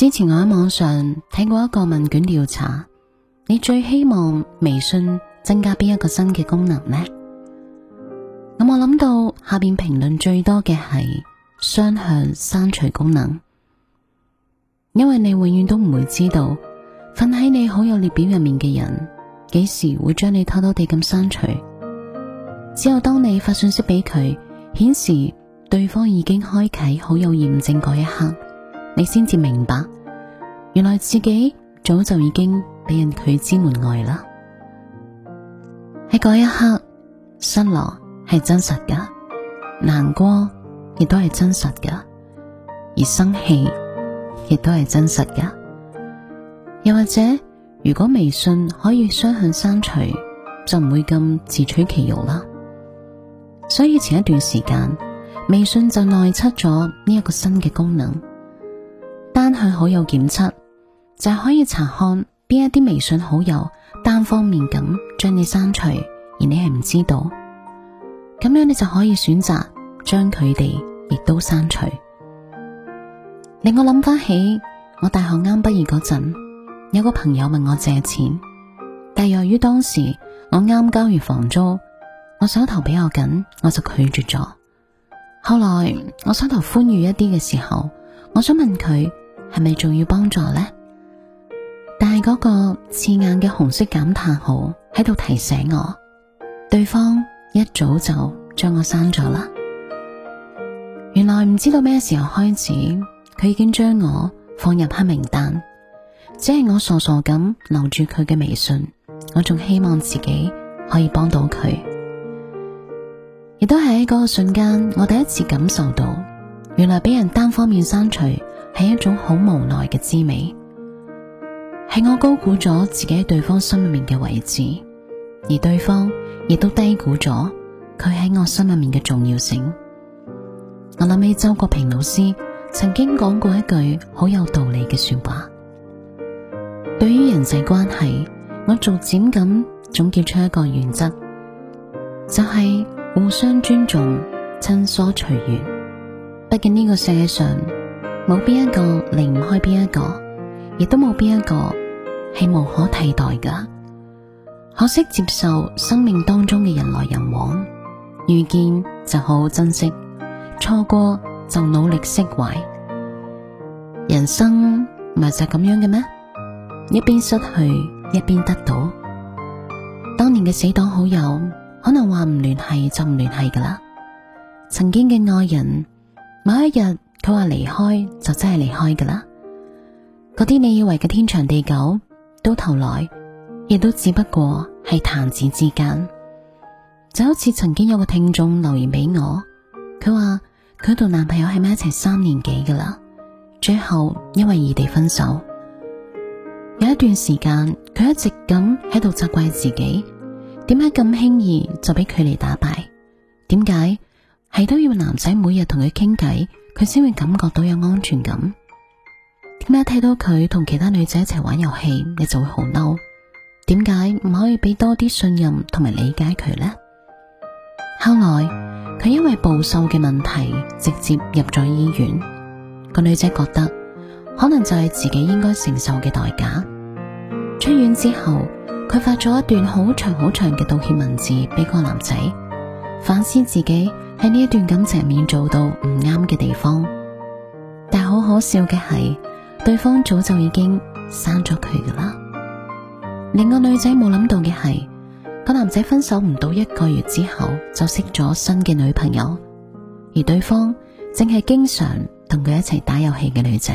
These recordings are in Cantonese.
之前我喺網上睇過一個問卷調查，你最希望微信增加邊一個新嘅功能呢？咁我諗到下邊評論最多嘅係雙向刪除功能，因為你永遠都唔會知道瞓喺你好友列表入面嘅人幾時會將你偷偷地咁刪除。只有當你發信息俾佢，顯示對方已經開啟好友驗證嗰一刻，你先至明白。原來自己早就已經俾人拒之門外啦！喺嗰一刻，失落係真實噶，難過亦都係真實噶，而生氣亦都係真實噶。又或者，如果微信可以雙向刪除，就唔會咁自取其辱啦。所以前一段時間，微信就內測咗呢一個新嘅功能。分享好友檢測就是，可以查看邊一啲微信好友單方面咁將你刪除，而你係唔知道咁樣，你就可以選擇將佢哋亦都刪除。令我諗翻起我大學啱畢業嗰陣，有個朋友問我借錢，但由於當時我啱交完房租，我手頭比較緊，我就拒絕咗。後來我手頭寬裕一啲嘅時候，我想問佢。係咪仲要幫助呢？但係嗰個刺眼嘅紅色感嘆號喺度提醒我，對方一早就將我刪咗啦。原來唔知道咩時候開始，佢已經將我放入黑名單，只係我傻傻咁留住佢嘅微信，我仲希望自己可以幫到佢。亦都係喺嗰個瞬間，我第一次感受到，原來俾人單方面刪除。係一種好無奈嘅滋味，係我高估咗自己喺對方心裏面嘅位置，而對方亦都低估咗佢喺我心裏面嘅重要性。我諗起周國平老師曾經講過一句好有道理嘅說話，對於人際關係，我逐漸咁總結出一個原則，就係互相尊重、親疏隨緣。畢竟呢個世界上。冇邊一個離唔開邊一個，亦都冇邊一個係無可替代噶。可惜接受生命當中嘅人來人往，遇見就好好珍惜，錯過就努力釋懷。人生唔係就咁樣嘅咩？一邊失去，一邊得到。當年嘅死黨好友，可能話唔聯繫就唔聯繫噶啦。曾經嘅愛人，某一日。佢話離開就真係離開噶啦，嗰啲你以為嘅天長地久，到頭來亦都只不過係彈指之間。就好似曾經有個聽眾留言俾我，佢話佢同男朋友喺埋一齊三年幾噶啦，最後因為異地分手，有一段時間佢一直咁喺度責怪自己，點解咁輕易就俾佢嚟打敗？點解係都要男仔每日同佢傾偈？佢先會感覺到有安全感。點解睇到佢同其他女仔一齊玩遊戲，你就會好嬲？點解唔可以俾多啲信任同埋理解佢呢？後來佢因為暴瘦嘅問題，直接入咗醫院。個女仔覺得可能就係自己應該承受嘅代價。出院之後，佢發咗一段好長好長嘅道歉文字俾個男仔，反思自己。喺呢一段感情入面做到唔啱嘅地方，但係好可笑嘅係，對方早就已經刪咗佢噶啦。令個女仔冇諗到嘅係，個男仔分手唔到一個月之後就識咗新嘅女朋友，而對方正係經常同佢一齊打遊戲嘅女仔。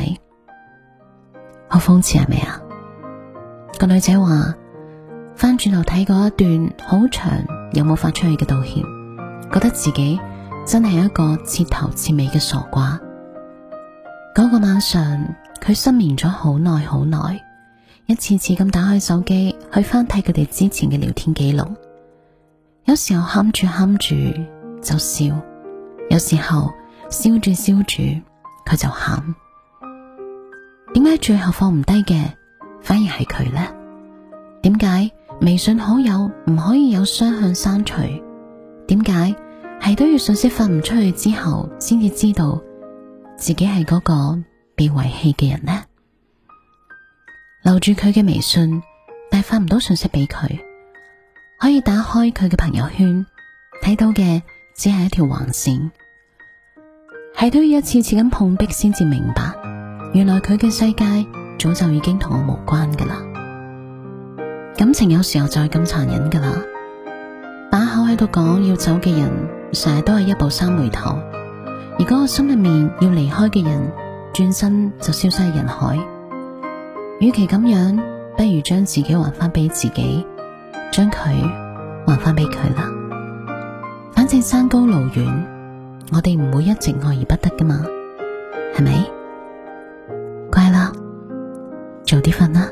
好諷刺，係咪啊？個女仔話翻轉頭睇過一段好長，有冇發出去嘅道歉，覺得自己。真係一個徹頭徹尾嘅傻瓜。嗰個晚上，佢失眠咗好耐好耐，一次次咁打開手機去翻睇佢哋之前嘅聊天記錄。有時候喊住喊住就笑，有時候笑住笑住佢就喊。點解最後放唔低嘅反而係佢呢？點解微信好友唔可以有雙向刪除？點解？係都要信息發唔出去之後，先至知道自己係嗰個被遺棄嘅人呢。留住佢嘅微信，但係發唔到信息俾佢。可以打開佢嘅朋友圈，睇到嘅只係一條橫線。係都要一次次咁碰壁，先至明白，原來佢嘅世界早就已經同我無關噶啦。感情有時候就係咁殘忍噶啦，把口喺度講要走嘅人，成日都係一步三回頭，如果我心入面要離開嘅人轉身就消失喺人海，與其咁樣，不如將自己還翻俾自己，將佢還翻俾佢啦。反正山高路遠，我哋唔會一直愛、呃、而不得噶嘛，係咪？乖啦，早啲瞓啦。